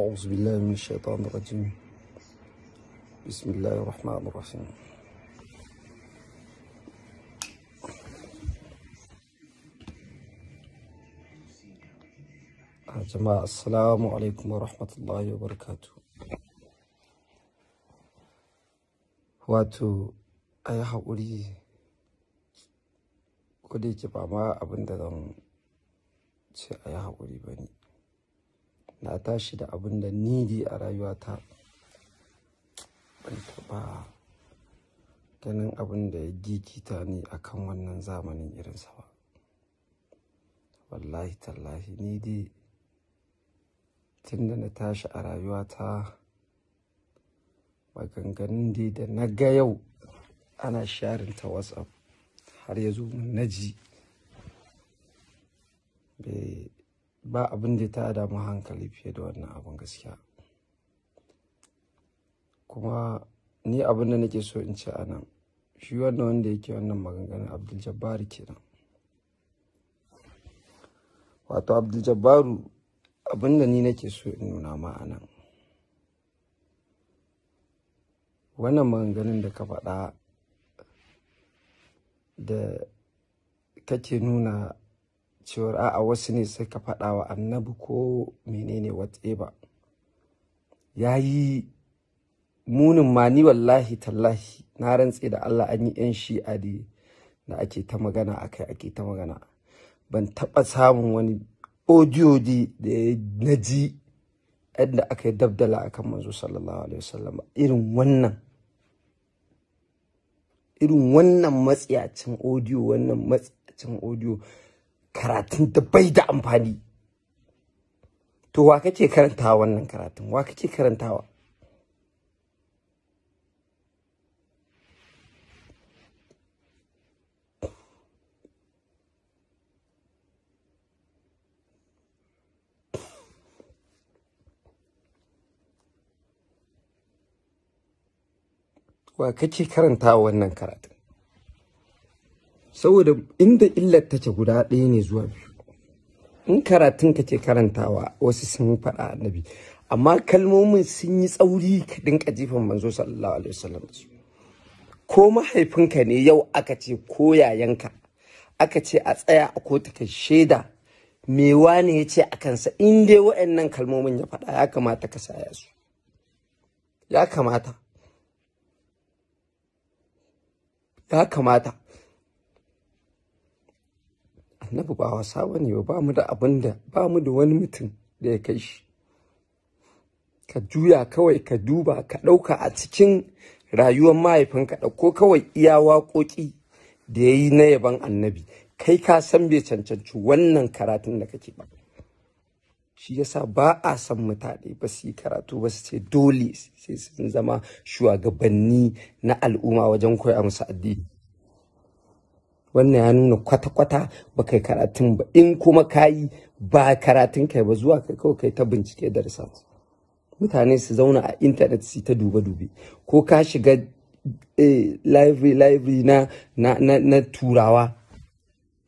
أعوذ بالله من الشيطان الرجيم بسم الله الرحمن الرحيم آه، جماعة السلام عليكم ورحمة الله وبركاته واتو أي حولي kodai ke ba ma abin da zan na tashi da abin da nidi a rayuwata ban taɓa ganin abin da ya gigita ni akan wannan zamanin irinsa ba wallahi tallahi ni dai tun da na tashi a rayuwata maganganun dai da na ga yau ana sharin ta whatsapp har ya zo na ji ba abin da ta damu hankali fiye da wannan abin gaskiya kuma ni abin da nake so in ce a nan shi wannan wanda yake wannan maganganun abdul jabbaru kenan wato abdul jabbaru abin da ni nake so in nuna ma a nan wannan maganganun da ka faɗa da kake nuna cewar a wasu ne suka faɗa wa annabi ko menene whatever ya yi munin mani wallahi tallahi na rantse da Allah an yi 'yan shi'a da ake ta magana a kai ake ta magana ban taba samun wani audio da na ji yadda aka yi dabdala akan manzo sallallahu alaihi wasallam irin wannan irin wannan matsiyacin audio wannan matsiyacin audio karatun da bai da amfani to wa kake karanta wannan karatun wa kake karantawa wa kake karanta wannan karatun saboda inda illar take guda ɗaya ne zuwa biyu in karatun ka kake karantawa wasu sun faɗa annabi amma kalmomin sun yi tsauri ka dinka jifan manzo sallallahu alaihi wasallam ko mahaifinka ne yau aka ce ko yayanka aka ce a tsaya a kota kai shaida me wane ya ce a kansa in dai wa'annan kalmomin ya faɗa ya kamata ka saya su ya kamata ya kamata annabi ba wasa bane ba ba mu da abin da ba mu da wani mutum da ya kai shi ka juya kawai ka duba ka ɗauka a cikin rayuwar mahaifinka ɗauko kawai iya waƙoƙi da ya yi na yaban annabi kai ka san bai cancanci wannan karatun da kake ba shi yasa ba a san mutane ba su yi karatu ba su ce dole sai sun zama shugabanni na al'umma wajen koya musu addini wannan ya nuna kwata-kwata ba kai karatun ba in kuma ka yi ba karatun kai ba zuwa kai kawai kai ta bincike da risa mutane su zauna a intanet su ta dube-dube ko ka shiga eh, library library na na turawa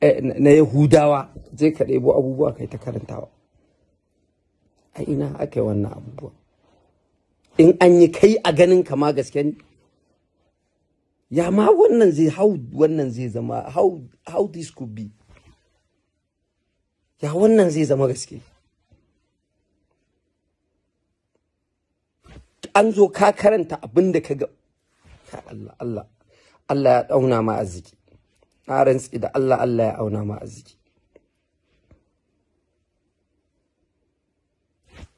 eh, na yahudawa zai ka ɗebo abubuwa kai ta karantawa a ina aka wannan abubuwa in an yi kai a ganin kama gaske ya ma wannan zai hau wannan zai zama how how this could be ya wannan zai zama gaske an zo ka karanta abinda ka ga Allah Allah Allah ya dauna ma arziki na rantsi da Allah Allah ya auna ma arziki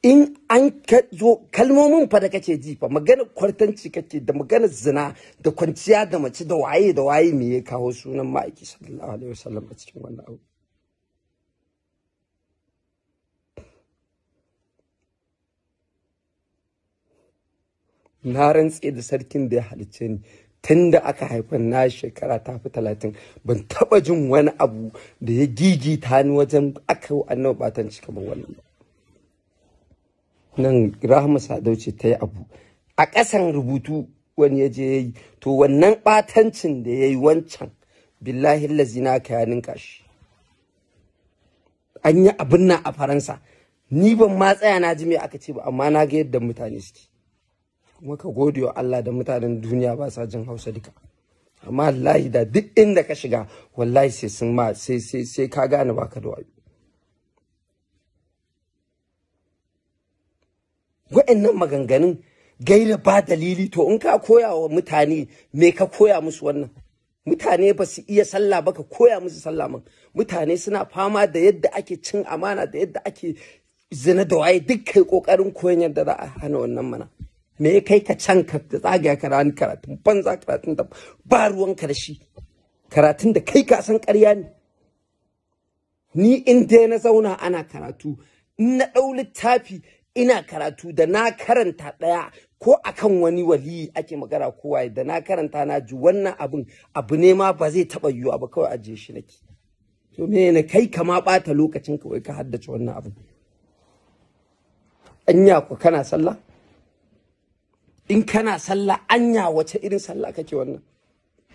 in an zo kalmomin fa da kake ji fa magana kwartanci kake da magana zina da kwanciya da mace da waye da waye me ya kawo sunan ma'aiki sallallahu alaihi wasallam a cikin wannan abu na rantse da sarkin da ya halicce ni tun da aka haifan na shekara ta fi talatin ban taba jin wani abu da ya gigita ni wajen aka yi annabi batan kamar wannan nan rahama Sadauce ce ta yi abu a ƙasan rubutu wani ya je yayi to wannan ɓatancin da ya yi wancan billahi lazina ka ya ninka shi an yi abin nan a faransa ni ban ma tsaya na ji me aka ce ba amma na ga yadda mutane suke kuma ka gode wa Allah da mutanen duniya ba sa jin hausa duka amma wallahi da duk inda ka shiga wallahi sai sun ma sai sai sai ka gane baka da wayo wa'annan maganganun gaira ba dalili to in ka koya wa mutane me ka koya musu wannan mutane ba su iya sallah ba ka koya musu sallah man mutane suna fama da yadda ake cin amana da yadda ake zina da waye duk kai kokarin koyon yadda za a hana wannan mana me kai ka can ka tsagaya karatun karatun banza karatun da ba ruwan karshe karatun da kai ka san ƙarya ne ni in dai na zauna ana karatu na ɗau littafi ina karatu da na karanta ɗaya ko akan wani wali ake magana kowa da na karanta na ji wannan abin abu ne ma ba zai taɓa yiwuwa ba kawai ajiye shi nake to me ne kai kama ɓata lokacin ka wai ka haddace wannan abin anya ku kana sallah in kana sallah anya wace irin sallah kake wannan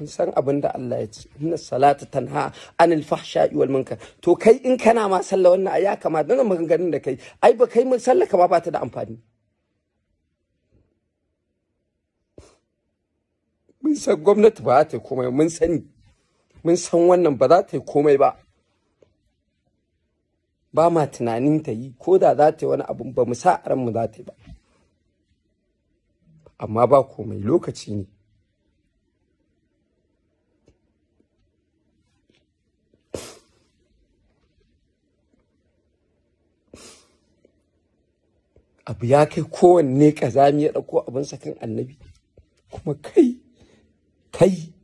in san abin da Allah ya ce inna salata tanha anil fahsha'i wal munkar to kai in kana ma sallah wannan ya kama nan maganganun da kai ai ba kai mun sallah ka ba ta da amfani mun san gwamnati ba ta yi komai mun sani mun san wannan ba za ta yi komai ba ba ma tunanin ta yi ko da za ta yi wani abu ba mu sa ranmu za ta yi ba amma ba komai lokaci ne abu ya kai kowanne ka kazami ya ɗauko abin kan annabi kuma kai kai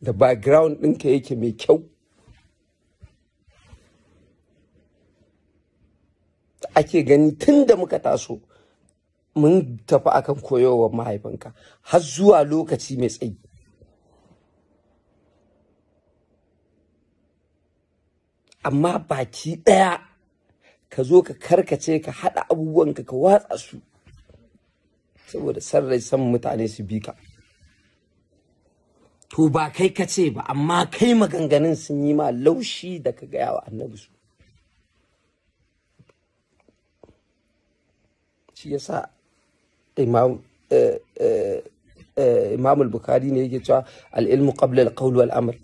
da background ɗinka yake mai kyau ake gani tun da muka taso mun tafi akan koyowa mahaifinka har zuwa lokaci mai tsayi amma baki ɗaya ka zo ka karkace ka haɗa abubuwanka ka watsa su saboda sarrai san mutane su bi ka to ba kai ka ce ba amma kai maganganun sun yi ma laushi da ka gaya wa annabi su shi yasa imam eh, eh, eh, imam al-bukhari ne yake cewa al-ilmu qabla al-qawl wal amr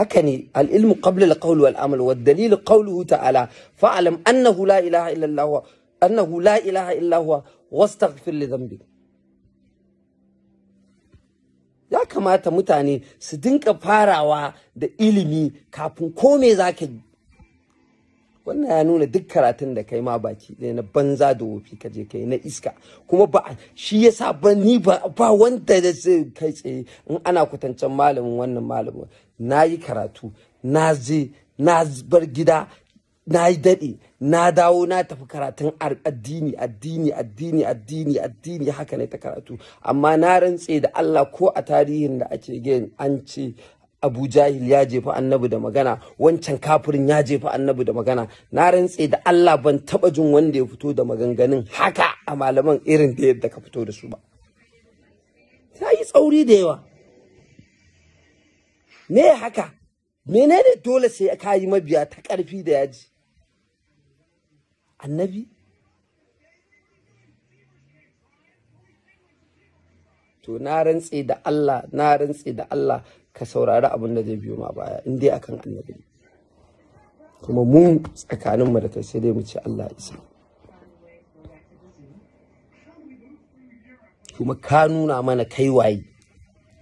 haka ne al-ilmu qabla al-qawl wal wa dalilu qawluhu ta'ala fa'lam annahu la ilaha illa Allah annahu la ilaha illa li ya kamata mutane su dinka farawa da ilimi kafin ko me zaka yi wannan ya nuna duk karatun da kai ma baki ɗaya na banza da wofi ka je kai na iska kuma ba shi yasa ba ni ba ba wanda da zai kai tsaye in ana kwatancen malamin wannan malamin na yi karatu na je na bar gida na yi daɗe na dawo na tafi karatun addini addini addini addini addini haka ne ta karatu amma na rantse da Allah ko a tarihin da ake gen an ce abu jahil ya jefa annabi da magana wancan kafirin ya jefa annabi da magana na rantse da allah ban taba jin wanda ya fito da maganganun haka a malaman irin da yadda ka fito da su ba ta yi tsauri da yawa me haka menene dole sai ka yi mabiya ta karfi da yaji annabi to na rantse da allah na rantse da allah ka saurari abin da zai biyo ma baya in dai akan annabi kuma mu tsakanin mu da kai sai dai mu ce Allah isa kuma ka nuna mana kai waye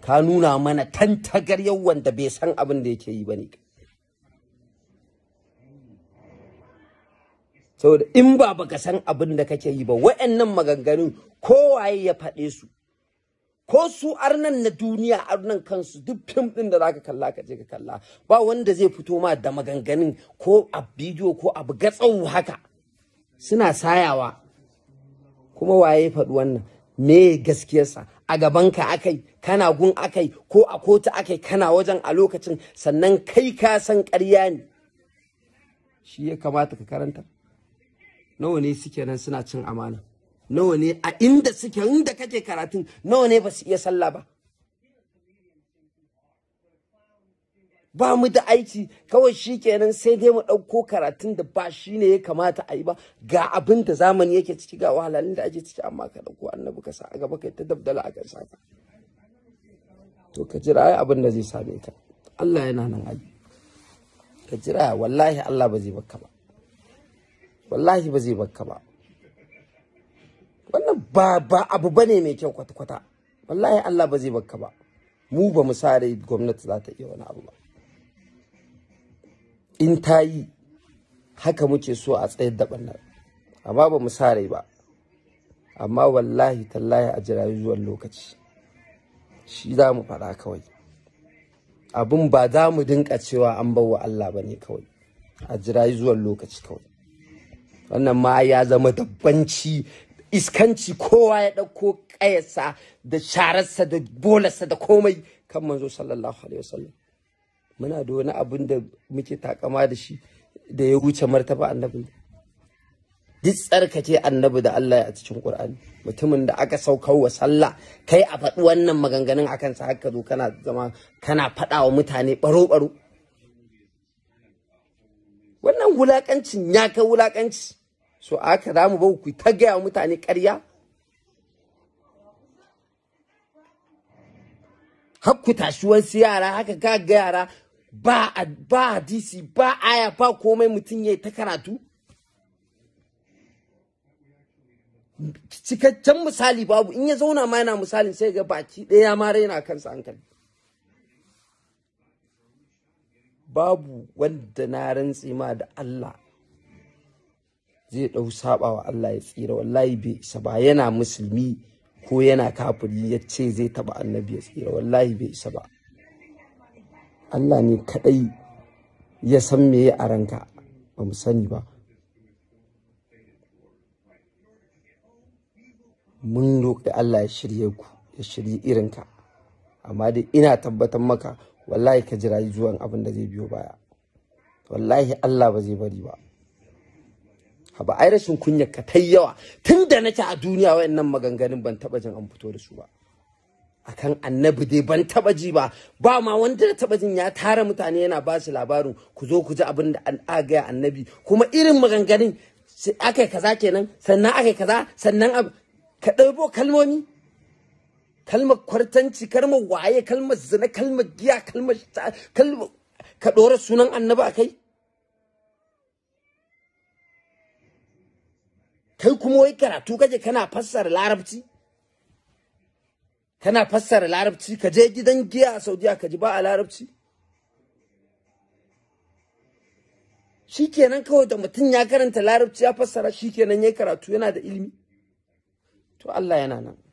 ka nuna mana tantagar yawan bai san abin da yake yi bane saboda in ba baka san abin da kake yi ba wa'annan maganganun kowaye ya faɗe su ko su arnan na duniya arnan kansu duk fim din da zaka kalla ka je ka kalla ba wanda zai fito ma da maganganun ko a bidiyo ko a buga gatsau haka suna sayawa kuma waye faɗi wannan me gaskiyarsa a gaban ka akai kana gun akai ko a kotu akai kana wajen a lokacin sannan kai ka san ƙarya ne shi ya kamata ka karanta nawa ne suke nan suna cin amana nawa ne a inda suke inda kake karatun nawa ne ba su iya sallah ba ba mu da aiki kawai shi kenan sai dai mu ɗauko karatun da ba shi ne ya kamata a yi ba ga abin da zamani yake ciki ga wahalalin da ake ciki amma ka ɗauko annabi ka sa a gaba kai ta dabdala a kansa ka to ka jira ai abin da zai same ka Allah yana nan aji ka jira wallahi Allah ba zai bakka ba wallahi ba zai bakka ba wannan ba ba abu bane mai kyau kwata-kwata wallahi Allah ba zai baka ba mu ba mu sa rai gwamnati za ta iya wani abu ba in ta yi haka muke so a tsayar da ɓannar amma ba mu sa ba amma wallahi tallahi a jirayi zuwan lokaci shi za mu faɗa kawai abin ba za mu dinka cewa an bawa Allah ba ne kawai a jirayi zuwan lokaci kawai wannan ma ya zama dabbanci iskanci kowa ya ɗauko ƙayarsa da shararsa da bolarsa da komai kan manzo sallallahu alaihi wasallam muna da wani abin da muke takama da shi da ya wuce martaba annabi duk tsarkake annabi da Allah a cikin Qur'ani mutumin da aka saukar wa sallah kai a faɗi wannan maganganun akan sa haka zo kana zama kana faɗa wa mutane baro baro wannan wulakancin ya kai wulakanci so aka za mu ba ku ta gaya mutane ƙarya hakku tashi wasu yara haka ka ga yara ba ba hadisi ba aya ba komai mutum ya ta karatu cikakken misali babu in ya zauna ma yana misalin sai ga baki ɗaya ma raina kansa hankali babu wanda na rantse ma da Allah zai ɗau saba wa Allah ya tsira wallahi bai isa ba yana musulmi ko yana kafiri ya ce zai taɓa annabi ya tsira wallahi bai isa ba Allah ne kaɗai ya san me a ranka ba mu sani ba mun roƙi Allah ya shirye ku ya shirye irinka amma dai ina tabbatar maka wallahi ka jira zuwan abin da zai biyo baya wallahi Allah ba zai bari ba haba ai rashin kunya ka tai yawa tun da nake a duniya wayannan maganganun ban taba jin an fito da su ba akan annabi dai ban taba ji ba ba ma wanda da taba jin ya tara mutane yana ba su labarin ku zo ku ji abin da an agaya annabi kuma irin maganganun aka yi kaza kenan sannan aka kaza sannan ka ɗauko kalmomi kalmar kwartanci kalmar waye kalmar zina kalmar giya kalmar ka ɗora sunan annabi akai? kai kai kuma wai karatu kaje kana fassara larabci kana fassara larabci ka gidan giya a saudiya ka ji ba a larabci shikenan kawai da mutum ya karanta larabci ya fassara shikenan yayi karatu yana da ilimi to Allah yana nan